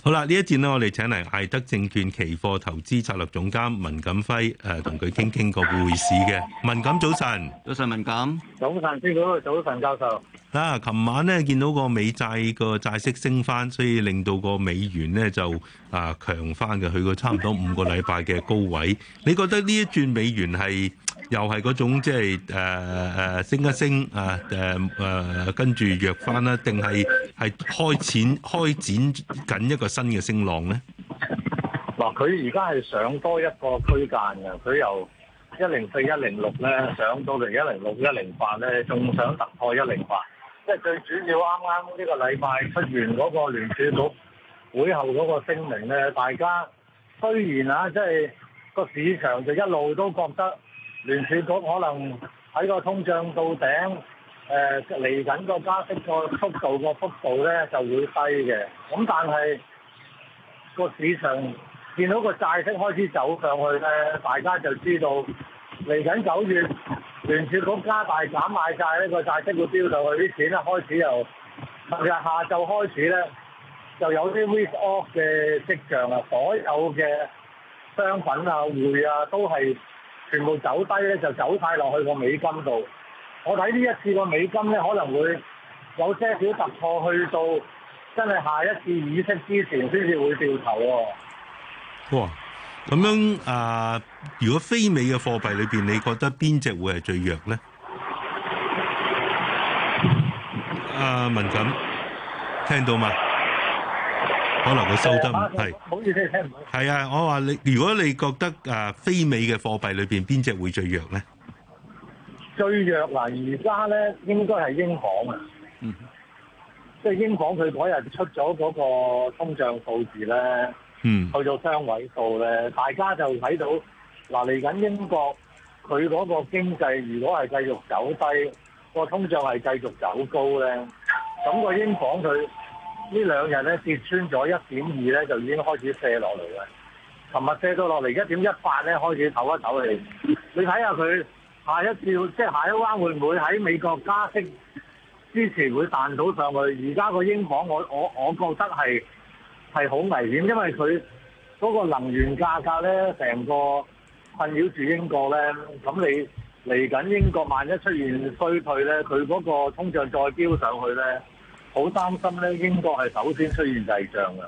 好啦，一呢一轉咧，我哋請嚟艾德證券期貨投資策略總監文錦輝，誒同佢傾傾個匯市嘅。文錦早晨，早晨文錦，早晨師哥，早晨教授。嗱，琴晚呢見到個美債個債息升翻，所以令到個美元呢就啊強翻嘅，去過差個差唔多五個禮拜嘅高位。 你覺得呢一轉美元係？又係嗰種即係誒誒升一升，誒誒誒跟住弱翻啦，定係係開展開展緊一個新嘅升浪咧？嗱、呃，佢而家係上多一個區間嘅，佢由一零四一零六咧上到嚟一零六一零八咧，仲想突破一零八。即係最主要啱啱呢個禮拜出完嗰個聯儲局會後嗰個聲明咧，大家雖然啊，即係個市場就一路都覺得。聯儲局可能喺個通脹到頂，誒嚟緊個加息個速度個幅度咧就會低嘅。咁但係個市場見到個債息開始走上去咧，大家就知道嚟緊九月聯儲局加大減買債呢個債息會飆上去，啲錢咧開始由琴日下晝開始咧就有啲 risk off 嘅跡象啊！所有嘅商品啊、匯啊都係。全部走低咧，就走曬落去個美金度。我睇呢一次個美金咧，可能會有些少突破，去到真係下一次議息之前，先至會掉頭喎、哦。哇、哦！咁樣啊、呃，如果非美嘅貨幣裏邊，你覺得邊隻會係最弱咧？阿文錦，聽到嘛？可能佢收得唔係，係啊，我話你，如果你覺得誒非美嘅貨幣裏邊邊隻會最弱咧？最弱嗱，而家咧應該係英鎊啊，嗯，即係英鎊佢嗰日出咗嗰個通脹數字咧，嗯，去到雙位數咧，大家就睇到嗱嚟緊英國佢嗰個經濟如果係繼續走低，個通脹係繼續走高咧，咁個英鎊佢。呢兩日咧跌穿咗一點二咧，就已經開始卸落嚟嘅。琴日卸咗落嚟一點一八咧，開始抖一抖氣。你睇下佢下一跳，即係下一彎會唔會喺美國加息之前會彈到上去？而家個英鎊，我我我覺得係係好危險，因為佢嗰個能源價格咧，成個困擾住英國咧。咁你嚟緊英國，萬一出現衰退咧，佢嗰個通脹再飆上去咧。好擔心咧！英國係首先出現滯脹嘅。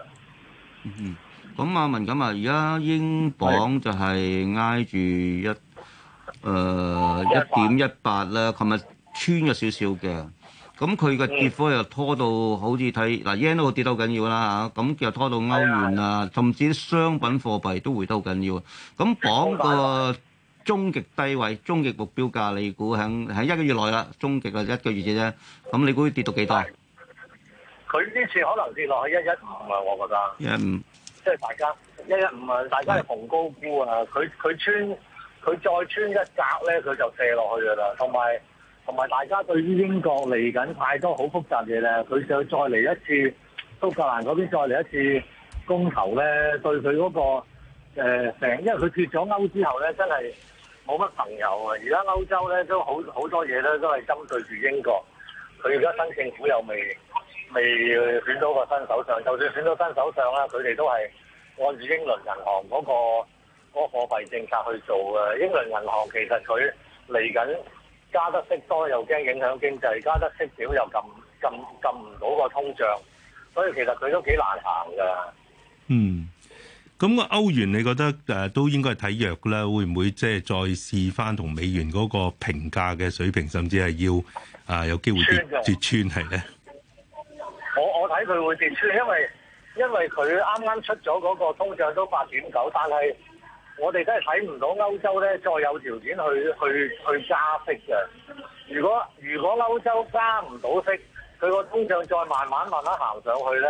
嗯，咁阿文咁啊，而家英鎊就係挨住一誒一點一八啦。琴日穿咗少少嘅，咁佢嘅跌幅又拖到好似睇嗱 yen 都很跌得好緊要啦嚇。咁又拖到歐元啊，的甚至商品貨幣都回得好緊要。咁鎊個終極低位、終極目標價，你估喺喺一個月內啦？終極啊，一個月啫，咁你估跌到幾多？佢呢次可能跌落去一一五啊，我覺得一五，即係、嗯、大家一一五啊，大家係逢高沽啊。佢佢穿佢再穿一格咧，佢就射落去嘅啦。同埋同埋大家對於英國嚟緊太多好複雜嘢咧，佢想再嚟一次蘇格蘭嗰邊再嚟一次公投咧，對佢嗰、嗰個成、呃，因為佢脫咗歐之後咧，真係冇乜朋友啊。而家歐洲咧都好好多嘢咧，都係針對住英國。佢而家新政府又未。未選到個新首相，就算選到新首相啦，佢哋都係按住英倫銀行嗰個嗰個貨幣政策去做嘅。英倫銀行其實佢嚟緊加得息多又驚影響經濟，加得息少又撳撳撳唔到個通脹，所以其實佢都幾難行㗎。嗯，咁個歐元你覺得誒都應該係睇弱啦，會唔會即係再試翻同美元嗰個平價嘅水平，甚至係要啊有機會跌穿係著咧？我我睇佢會跌出，因為因為佢啱啱出咗嗰個通脹都八點九，但係我哋真係睇唔到歐洲咧再有條件去去去去加息嘅。如果如果歐洲加唔到息，佢個通脹再慢慢慢慢行上去咧，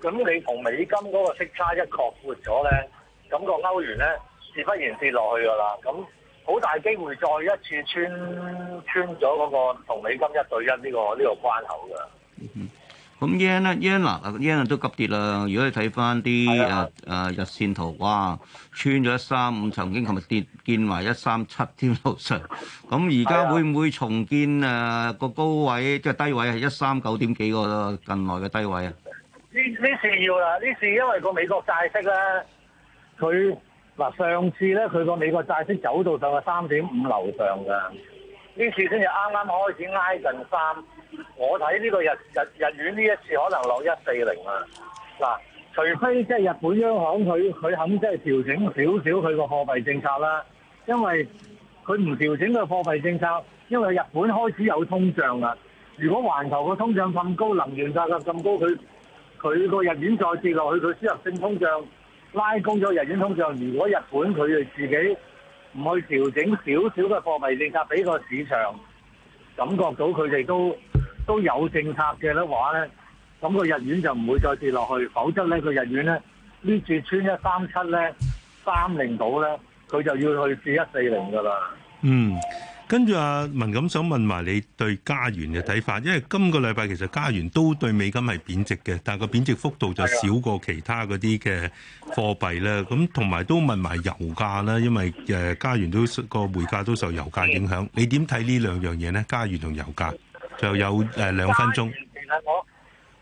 咁你同美金嗰個息差一擴闊咗咧，咁個歐元咧，自不然跌落去噶啦。咁好大機會再一次穿穿咗嗰個同美金一對一呢個呢個關口噶。咁 yen 咧 yen 嗱 yen 都急跌啦。如果你睇翻啲誒誒日線圖，哇，穿咗一三五，曾經琴日跌見埋一三七添樓上。咁而家會唔會重建誒個高位，即係低位係一三九點幾個咯近來嘅低位啊？呢呢次要啦，呢次因為個美國債息咧，佢嗱上次咧佢個美國債息走到上去三點五樓上㗎。呢次先至啱啱開始挨近三，我睇呢個日日日元呢一次可能落一四零啦。嗱、啊，除非即係日本央行佢佢肯即係調整少少佢個貨幣政策啦，因為佢唔調整個貨幣政策，因為日本開始有通脹啦。如果環球個通脹咁高，能源價格咁高，佢佢個日元再跌落去，佢輸入性通脹拉高咗日元通脹。如果日本佢哋自己，唔去調整少少嘅貨幣政策，俾個市場感覺到佢哋都都有政策嘅呢話呢，咁個日元就唔會再跌落去，否則呢個日元呢，呢住穿一三七呢，三零到呢，佢就要去試一四零㗎喇。嗯。跟住啊文錦想問埋你對加元嘅睇法，因為今個禮拜其實加元都對美金係貶值嘅，但係個貶值幅度就少過其他嗰啲嘅貨幣啦。咁同埋都問埋油價啦，因為誒加元都個匯價都受油價影響。你點睇呢兩樣嘢呢？加元同油價就有誒兩分鐘。其實我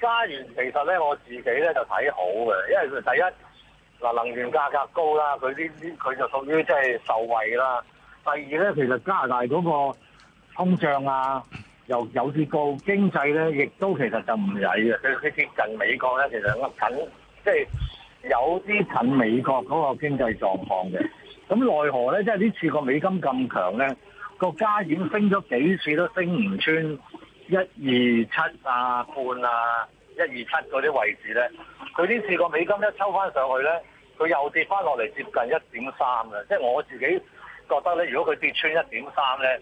加元其實咧我自己咧就睇好嘅，因為佢第一嗱能源價格,格高啦，佢呢啲佢就屬於即係受惠啦。第二咧，其實加拿大嗰個通脹啊，又有啲高，經濟咧亦都其實就唔曳嘅。佢佢接近美國咧，其實噉近，即係有啲近美國嗰個經濟狀況嘅。咁奈何咧，即係呢次個美金咁強咧，個加元升咗幾次都升唔穿，一二七啊半啊，一二七嗰啲位置咧，佢呢次個美金一抽翻上去咧，佢又跌翻落嚟接近一點三啦，即係我自己，覺得咧，如果佢跌穿一點三咧，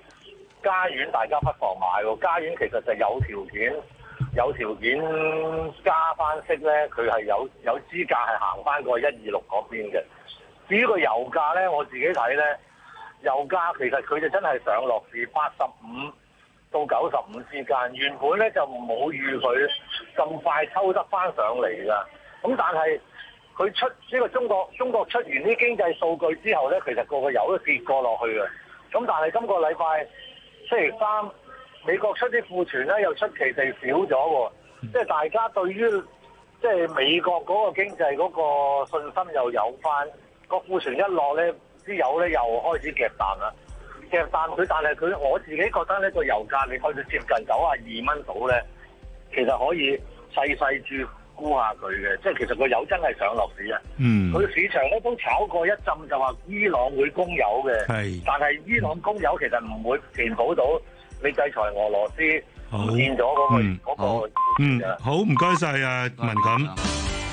加元大家不妨買喎。加元其實就有條件，有條件加翻息咧，佢係有有資格係行翻過一二六嗰邊嘅。至於個油價咧，我自己睇咧，油價其實佢就真係上落至八十五到九十五之間，原本咧就冇預佢咁快抽得翻上嚟㗎。咁但係。佢出呢個中國，中國出完啲經濟數據之後呢，其實個個油都跌過落去嘅。咁但係今個禮拜星期三，美國出啲庫存呢，又出奇地少咗喎。即係大家對於即係美國嗰個經濟嗰個信心又有翻，個庫存一落呢，啲油呢又開始夾彈啦，夾彈佢。但係佢我自己覺得呢個油價你開始接近九十二蚊度呢，其實可以細細注。估下佢嘅，即係其實個油真係上落市嘅。嗯，佢市場咧都炒過一陣，就話伊朗會供油嘅。係，但係伊朗供油其實唔會填補到你制裁俄羅斯唔見咗嗰個嗰個嗯，好唔該晒啊文錦，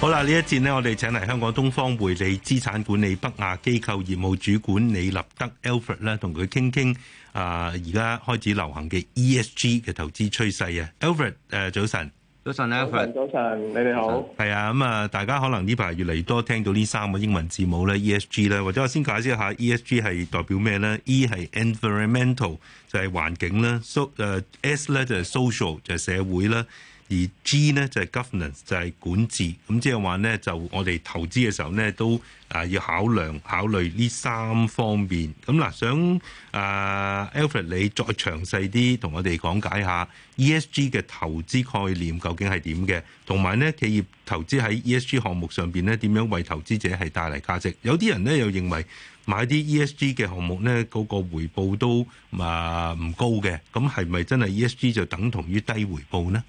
好啦呢一節咧，我哋請嚟香港東方匯理資產管理北亞機構業務主管李立德 Alfred 咧，同佢傾傾啊，而家開始流行嘅 ESG 嘅投資趨勢啊，Alfred 誒，早晨。早晨啊，各位早晨，早晨你哋好。係啊，咁啊，大家可能呢排越嚟越多聽到呢三個英文字母咧，ESG 啦，ESG，或者我先解釋下 ESG 係代表咩咧？E 係 environmental，就係環境啦，so 誒 S 咧就係 social，就係社會啦。而 G 呢，就係、是、governance 就係管治，咁即係話呢，就我哋投資嘅時候呢，都啊要考量考慮呢三方面。咁嗱，想啊、呃、Alfred，你再詳細啲同我哋講解下 ESG 嘅投資概念究竟係點嘅？同埋呢，企業投資喺 ESG 項目上邊呢，點樣為投資者係帶嚟價值？有啲人呢，又認為買啲 ESG 嘅項目呢，個個回報都啊唔、呃、高嘅，咁係咪真係 ESG 就等同於低回報呢？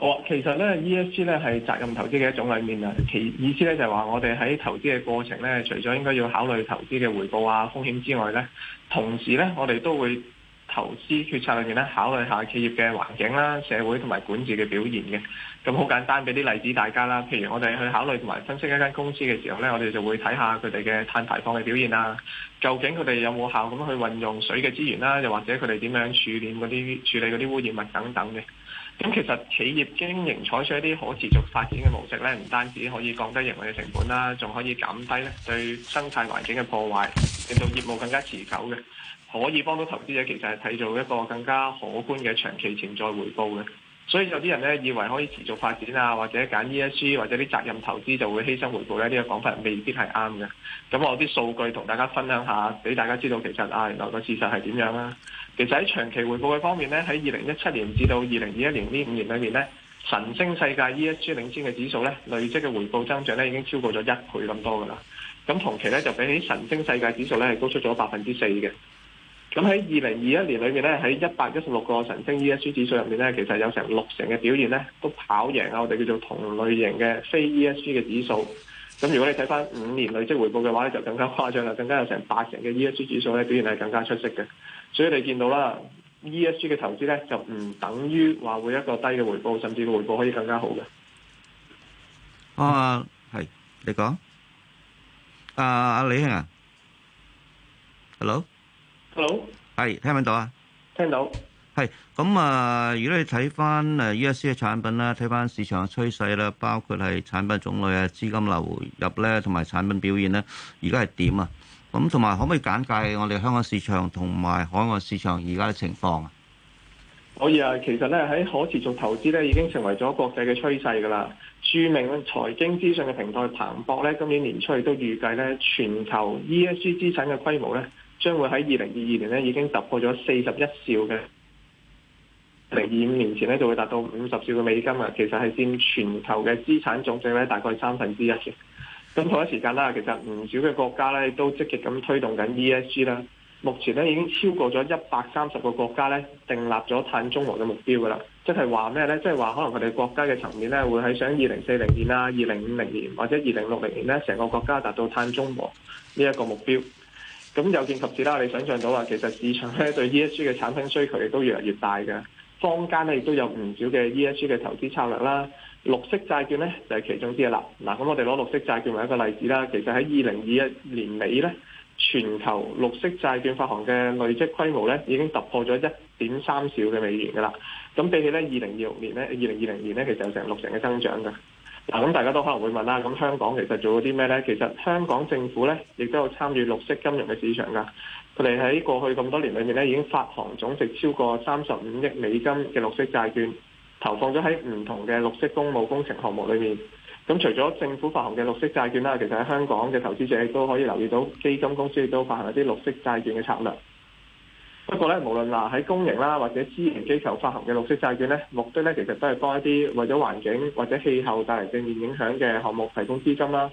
我、哦、其實咧，ESG 咧係責任投資嘅一種裏面啊。其意思咧就係話，我哋喺投資嘅過程咧，除咗應該要考慮投資嘅回報啊、風險之外咧，同時咧，我哋都會投資決策裏面咧考慮下企業嘅環境啦、啊、社會同埋管治嘅表現嘅。咁好簡單，俾啲例子大家啦。譬如我哋去考慮同埋分析一間公司嘅時候咧，我哋就會睇下佢哋嘅碳排放嘅表現啦、啊。究竟佢哋有冇效咁去運用水嘅資源啦、啊？又或者佢哋點樣處理啲處理嗰啲污染物等等嘅？咁其實企業經營採取一啲可持續發展嘅模式咧，唔單止可以降低營運嘅成本啦，仲可以減低咧對生態環境嘅破壞，令到業務更加持久嘅，可以幫到投資者其實係睇做一個更加可觀嘅長期潛在回報嘅。所以有啲人咧以為可以持續發展啊，或者揀 E S G 或者啲責任投資就會犧牲回報咧，呢個講法未必係啱嘅。咁我啲數據同大家分享下，俾大家知道其實啊，原來個事實係點樣啦。其實喺長期回報嘅方面咧，喺二零一七年至到二零二一年呢五年裏面咧，神星世界 E S G 領先嘅指數咧累積嘅回報增長咧已經超過咗一倍咁多噶啦。咁同期咧就比起神星世界指數咧係高出咗百分之四嘅。咁喺二零二一年裏面咧，喺一百一十六個晨星 E S G 指數入面咧，其實有成六成嘅表現咧都跑贏啊，我哋叫做同類型嘅非 E S G 嘅指數。咁如果你睇返五年累積回報嘅話咧，就更加誇張啦，更加有成八成嘅 E S G 指數咧表現係更加出色嘅。所以你見到啦，E S G 嘅投資咧就唔等於話會一個低嘅回報，甚至回報可以更加好嘅。啊。啊，係，你講。啊，阿李兄啊。Hello。Hello，係聽唔聽到啊？聽到，係咁啊。如果你睇翻，誒 ESG 嘅產品啦，睇翻市場嘅趨勢啦，包括係產品種類啊、資金流入咧，同埋產品表現咧，而家係點啊？咁同埋可唔可以簡介我哋香港市場同埋海外市場而家嘅情況啊？可以啊。其實咧喺可持續投資咧已經成為咗國際嘅趨勢噶啦。著名財經資訊嘅平台彭博咧，今年年初亦都預計咧全球 ESG 資產嘅規模咧。將會喺二零二二年咧，已經突破咗四十一兆嘅，二零二五年前咧，就會達到五十兆嘅美金啊！其實係佔全球嘅資產總值咧，大概三分之一嘅。咁同一時間啦，其實唔少嘅國家咧，都積極咁推動緊 ESG 啦。目前呢已經超過咗一百三十個國家咧，訂立咗碳中和嘅目標噶啦。即係話咩呢？即係話可能佢哋國家嘅層面咧，會喺想二零四零年啦、二零五零年或者二零六零年呢成個國家達到碳中和呢一個目標。咁有見及此啦，你想象到話，其實市場咧對 ESG 嘅產品需求亦都越嚟越大嘅，坊間咧亦都有唔少嘅 ESG 嘅投資策略啦，綠色債券咧就係其中之一啦。嗱，咁我哋攞綠色債券為一個例子啦。其實喺二零二一年尾咧，全球綠色債券發行嘅累積規模咧已經突破咗一點三兆嘅美元㗎啦。咁比起咧二零二六年咧、二零二零年咧，其實有成六成嘅增長㗎。嗱，咁、嗯、大家都可能會問啦，咁、嗯、香港其實做咗啲咩呢？其實香港政府呢，亦都有參與綠色金融嘅市場㗎。佢哋喺過去咁多年裏面呢，已經發行總值超過三十五億美金嘅綠色債券，投放咗喺唔同嘅綠色公務工程項目裏面。咁、嗯、除咗政府發行嘅綠色債券啦，其實喺香港嘅投資者都可以留意到，基金公司亦都發行一啲綠色債券嘅策略。不過咧，無論嗱喺公營啦或者私營機構發行嘅綠色債券咧，目的咧其實都係幫一啲為咗環境或者氣候帶嚟正面影響嘅項目提供資金啦。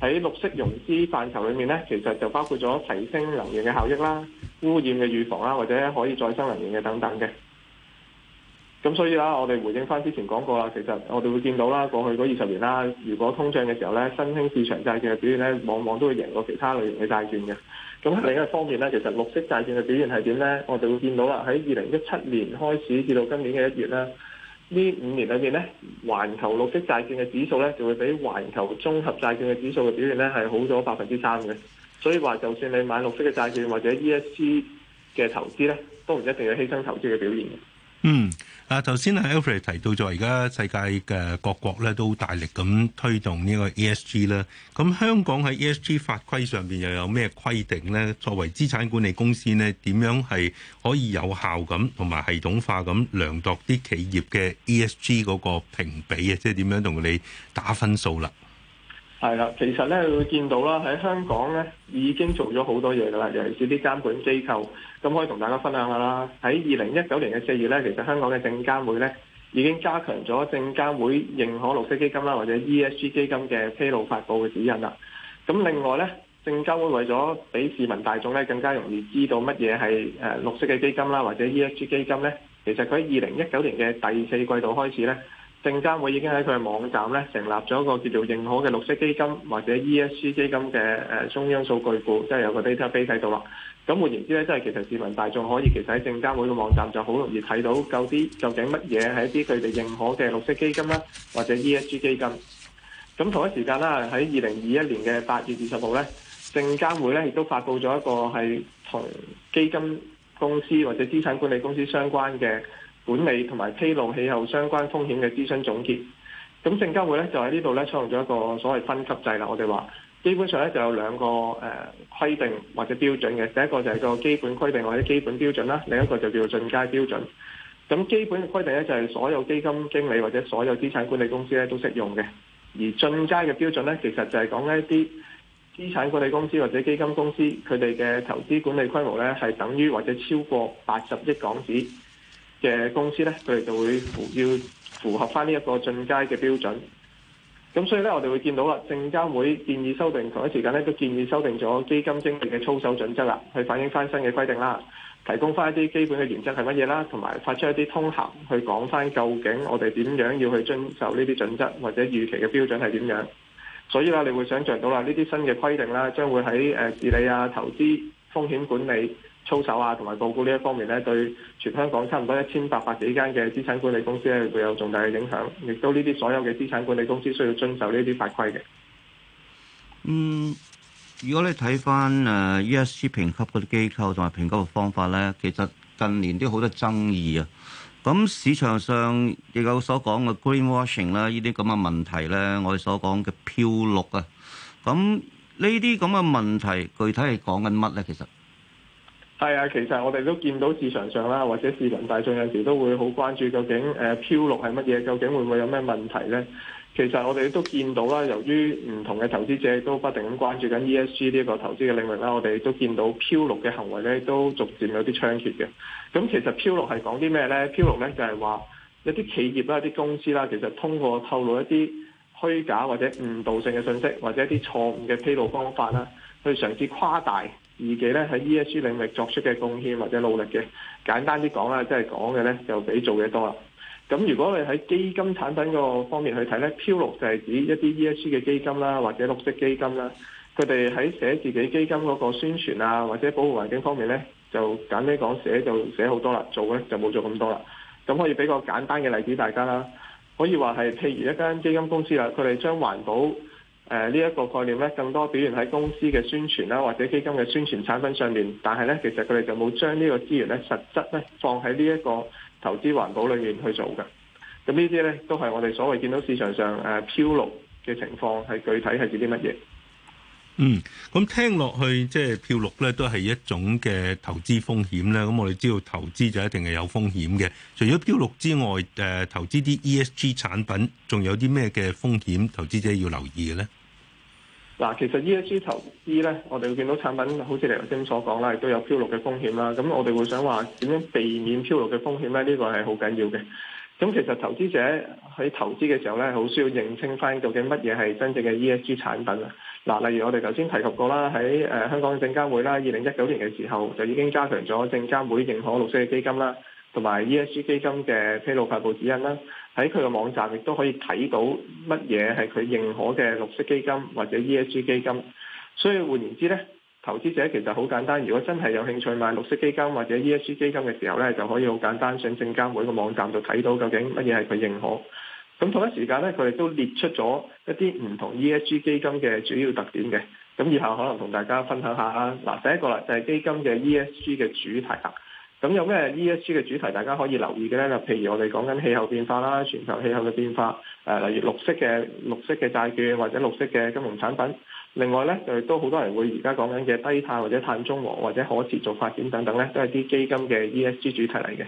喺綠色融資範疇裏面咧，其實就包括咗提升能源嘅效益啦、污染嘅預防啦，或者可以再生能源嘅等等嘅。咁所以啦，我哋回應返之前講過啦，其實我哋會見到啦，過去嗰二十年啦，如果通脹嘅時候咧，新興市場債券嘅表現咧，往往都會贏過其他類型嘅債券嘅。咁另一方面咧，其實綠色債券嘅表現係點咧？我哋會見到啦，喺二零一七年開始至到今年嘅一月咧，呢五年裏面咧，環球綠色債券嘅指數咧，就會比環球綜合債券嘅指數嘅表現咧係好咗百分之三嘅。所以話，就算你買綠色嘅債券或者 ESG 嘅投資咧，都唔一定要犧牲投資嘅表現嘅。嗯。啊，頭先係 Alfred 提到咗，而家世界嘅各國咧都大力咁推動呢個 ESG 啦。咁香港喺 ESG 法規上邊又有咩規定呢？作為資產管理公司呢，點樣係可以有效咁同埋系統化咁量度啲企業嘅 ESG 嗰個評比啊？即係點樣同佢哋打分數啦？係啦，其實咧你會見到啦，喺香港咧已經做咗好多嘢噶啦，尤其是啲監管機構，咁可以同大家分享下啦。喺二零一九年嘅四月咧，其實香港嘅證監會咧已經加強咗證監會認可綠色基金啦，或者 ESG 基金嘅披露發布嘅指引啦。咁另外咧，證監會為咗俾市民大眾咧更加容易知道乜嘢係誒綠色嘅基金啦，或者 ESG 基金咧，其實佢喺二零一九年嘅第四季度開始咧。證監會已經喺佢嘅網站咧成立咗一個叫做認可嘅綠色基金或者 ESG 基金嘅誒、呃、中央數據庫，即係有個 data base 喺度啦。咁、嗯、換言之咧，即係其實市民大眾可以其實喺證監會嘅網站就好容易睇到夠啲究竟乜嘢係一啲佢哋認可嘅綠色基金啦，或者 ESG 基金。咁、嗯、同一時間啦，喺二零二一年嘅八月二十號咧，證監會咧亦都發佈咗一個係同基金公司或者資產管理公司相關嘅。管理同埋披露氣候相關風險嘅諮詢總結。咁證監會咧就喺呢度咧採用咗一個所謂分級制啦。我哋話基本上咧就有兩個誒、呃、規定或者標準嘅。第一個就係個基本規定或者基本標準啦，另一個就叫做進階標準。咁基本嘅規定咧就係所有基金經理或者所有資產管理公司咧都適用嘅。而進階嘅標準咧其實就係講一啲資產管理公司或者基金公司佢哋嘅投資管理規模咧係等於或者超過八十億港紙，嘅公司呢，佢哋就會要符合翻呢一個進階嘅標準。咁所以呢，我哋會見到啦，證監會建議修訂，同一時間呢都建議修訂咗基金經理嘅操守準則啦，去反映翻新嘅規定啦，提供翻一啲基本嘅原則係乜嘢啦，同埋發出一啲通函去講翻究竟我哋點樣要去遵守呢啲準則，或者預期嘅標準係點樣。所以啦，你會想像到啦，呢啲新嘅規定啦，將會喺誒、呃、治理啊、投資風險管理。操守啊，同埋報告呢一方面咧，對全香港差唔多一千八百幾間嘅資產管理公司咧，會有重大嘅影響。亦都呢啲所有嘅資產管理公司需要遵守呢啲法規嘅。嗯，如果你睇翻誒 ESG 評級嗰啲機構同埋評級嘅方法咧，其實近年都好多爭議啊。咁市場上亦有所講嘅 greenwashing 啦，呢啲咁嘅問題咧，我哋所講嘅漂綠啊，咁呢啲咁嘅問題，具體係講緊乜咧？其實？係啊，其實我哋都見到市場上啦，或者市民大眾有時都會好關注究竟誒漂綠係乜嘢，究竟會唔會有咩問題呢？其實我哋都見到啦，由於唔同嘅投資者都不停咁關注緊 ESG 呢一個投資嘅領域啦，我哋都見到漂綠嘅行為咧都逐漸有啲猖獗嘅。咁其實漂綠係講啲咩呢？漂綠呢就係話一啲企業啦、一啲公司啦，其實通過透露一啲虛假或者誤導性嘅信息，或者一啲錯誤嘅披露方法啦，去嘗試誇大自己咧喺 E S G 領域作出嘅貢獻或者努力嘅，簡單啲講啦，即係講嘅咧就比做嘅多啦。咁如果你喺基金產品嗰個方面去睇咧，漂綠 就係指一啲 E S G 嘅基金啦，或者綠色基金啦，佢哋喺寫自己基金嗰個宣傳啊，或者保護環境方面咧，就簡單講寫就寫好多啦，做咧就冇做咁多啦。咁可以俾個簡單嘅例子大家啦，可以話係譬如一間基金公司啦，佢哋將環保。誒呢一個概念咧，更多表現喺公司嘅宣傳啦，或者基金嘅宣傳產品上面。但係咧，其實佢哋就冇將呢個資源咧，實質咧放喺呢一個投資環保裏面去做嘅。咁呢啲咧，都係我哋所謂見到市場上誒、啊、漂綠嘅情況，係具體係指啲乜嘢？嗯，咁聽落去即係漂綠咧，都係一種嘅投資風險咧。咁我哋知道投資就一定係有風險嘅。除咗漂綠之外，誒，投資啲 E S G 產品，仲有啲咩嘅風險投資者要留意嘅咧？嗱，其實 E S G 投資咧，我哋會見到產品好似你頭先所講啦，亦都有漂綠嘅風險啦。咁我哋會想話點樣避免漂綠嘅風險咧？呢個係好緊要嘅。咁其實投資者喺投資嘅時候咧，好需要認清返究竟乜嘢係真正嘅 ESG 產品啊！嗱，例如我哋頭先提及過啦，喺誒香港證監會啦，二零一九年嘅時候就已經加強咗證監會認可綠色嘅基金啦，同埋 ESG 基金嘅披露發布指引啦，喺佢嘅網站亦都可以睇到乜嘢係佢認可嘅綠色基金或者 ESG 基金，所以換言之咧。投資者其實好簡單，如果真係有興趣買綠色基金或者 ESG 基金嘅時候呢，就可以好簡單上證監會個網站度睇到究竟乜嘢係佢認可。咁同一時間呢，佢哋都列出咗一啲唔同 ESG 基金嘅主要特點嘅。咁以下可能同大家分享下啦。嗱，第一個啦就係基金嘅 ESG 嘅主題啦。咁有咩 ESG 嘅主題大家可以留意嘅呢？就譬如我哋講緊氣候變化啦，全球氣候嘅變化，誒，例如綠色嘅綠色嘅債券或者綠色嘅金融產品。另外咧，就亦都好多人會而家講緊嘅低碳或者碳中和或者可持續發展等等咧，都係啲基金嘅 ESG 主題嚟嘅。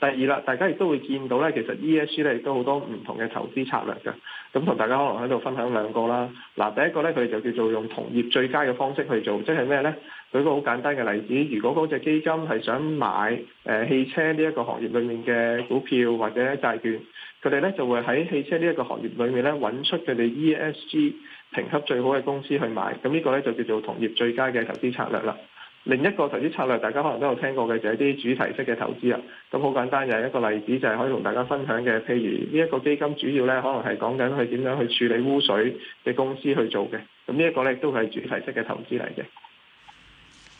第二啦，大家亦都會見到咧，其實 ESG 咧亦都好多唔同嘅投資策略嘅。咁同大家可能喺度分享兩個啦。嗱，第一個咧，佢哋就叫做用同業最佳嘅方式去做，即係咩咧？舉個好簡單嘅例子，如果嗰隻基金係想買誒汽車呢一個行業裡面嘅股票或者債券，佢哋咧就會喺汽車呢一個行業裡面咧揾出佢哋 ESG。評級最好嘅公司去買，咁呢個呢就叫做同業最佳嘅投資策略啦。另一個投資策略，大家可能都有聽過嘅就係啲主題式嘅投資啦。咁好簡單，就係一個例子，就係可以同大家分享嘅。譬如呢一個基金主要呢可能係講緊佢點樣去處理污水嘅公司去做嘅。咁呢一個呢都係主題式嘅投資嚟嘅。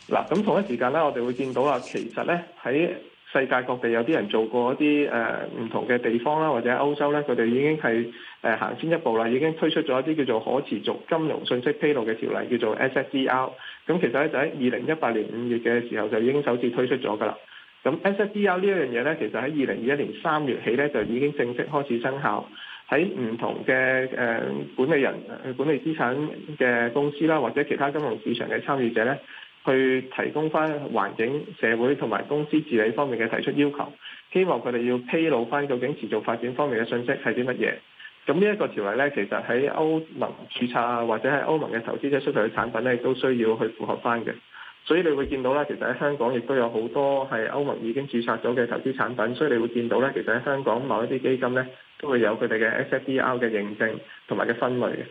嗱，咁同一時間呢，我哋會見到啊，其實呢喺。世界各地有啲人做過一啲誒唔同嘅地方啦，或者歐洲咧，佢哋已經係誒行先一步啦，已經推出咗一啲叫做可持續金融信息披露嘅條例，叫做 SFDR。咁其實咧就喺二零一八年五月嘅時候就已經首次推出咗噶啦。咁 SFDR 呢樣嘢咧，其實喺二零二一年三月起咧就已經正式開始生效，喺唔同嘅誒、呃、管理人、管理資產嘅公司啦，或者其他金融市場嘅參與者咧。去提供翻環境、社會同埋公司治理方面嘅提出要求，希望佢哋要披露翻究竟持續發展方面嘅信息係啲乜嘢。咁呢一個條例咧，其實喺歐盟註冊啊，或者喺歐盟嘅投資者出售嘅產品咧，都需要去符合翻嘅。所以你會見到咧，其實喺香港亦都有好多係歐盟已經註冊咗嘅投資產品，所以你會見到咧，其實喺香港某一啲基金咧，都會有佢哋嘅 SFDR 嘅認證同埋嘅分類嘅。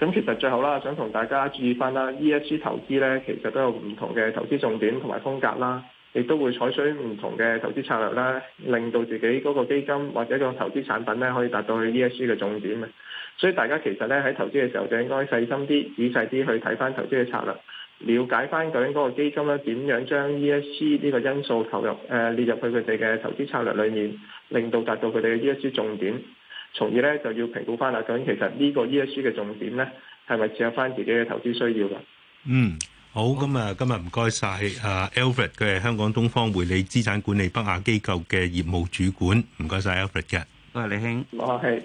咁其實最後啦，想同大家注意翻啦，ESG 投資咧，其實都有唔同嘅投資重點同埋風格啦，亦都會採取唔同嘅投資策略啦，令到自己嗰個基金或者個投資產品咧，可以達到去 ESG 嘅重點。所以大家其實咧，喺投資嘅時候就應該細心啲、仔細啲去睇翻投資嘅策略，了解翻究竟嗰個基金咧，點樣將 ESG 呢個因素投入誒、呃、列入去佢哋嘅投資策略裡面，令到達到佢哋嘅 ESG 重點。從而咧就要評估翻啦。究竟其實呢、呢個 ESG 嘅重點咧，係咪只有翻自己嘅投資需要嘅？嗯，好。咁啊，今日唔該晒啊，Alfred，佢係香港東方匯理資產管理北亞機構嘅業務主管。唔該晒 Alfred 嘅。我係李興。我係。